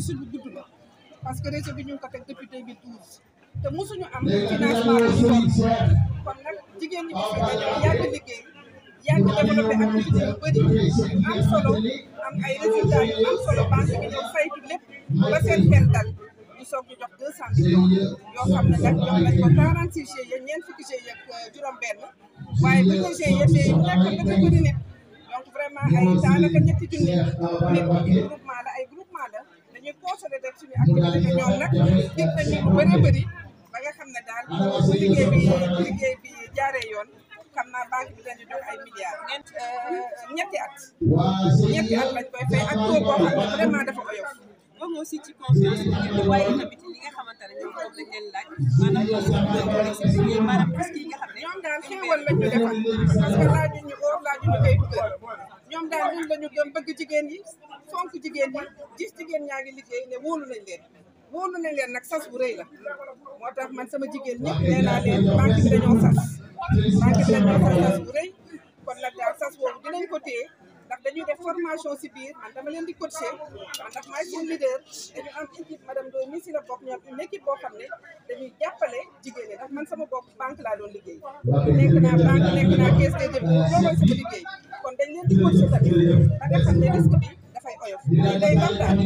ci lu gudd la parce que réseau bi ñu ngi ko teg depuis 2012 te mosuñu am financement bu sol kon nag jigéen ñi mosi dañoo yàgg liggéey yàgg développé activité yu bëri am solo am ay résultats yu am solo banque bi ñoo saytu lépp ba seen fen dal ñu soog ñu jox deux cent millions yoo xam ne nag jox nañ ko quarante six GIE ñeent fukki GIE ak euh, juróom benn waaye bu ñu GIE mais nekk dafa bëri nit donc vraiment ay daanaka ñetti junni nit sponsor rek suñu activité ñoom nag yëg nañu lu bëri bëri ba nga xam ne daal liggéey bi liggéey bi jaaree yoon xam naa banque bi dañu jox ay milliards. Euh, ñetti at ñetti at lañ koy dafa ko yow. moom ci confiance bi ngeen di waaye tamit nga xamante ne ñoom moom lañ leen laaj maanaam ñoom nga xam ne. ñoom daal ñun la dem gëm bëgg jigéen yi fonk jigéen yi gis jigéen ñaa ngi liggéey né wolu nañ leen wolu nañ leen nak sas bu reey la motax man sama jigéen ñepp nee naa leen banque bi dañoo sas banque bi dañoo sas bu reey kon la daal sas boobu dinañ ko téye ndax dañuy def formation ci biir man dama leen di coacher ndax maay seen leader dañu am équipe madame do mi ci la bok ñu une équipe bo xamné dañuy jappalé jigéen yi ndax man sama bok bank la doon liggéey nek na bank nek na caisse des dépôts loolu sama liggéey yeneen di consultation ba a xam bi